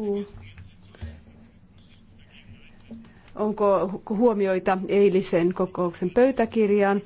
jatkuu. Onko huomioita eilisen kokouksen pöytäkirjaan?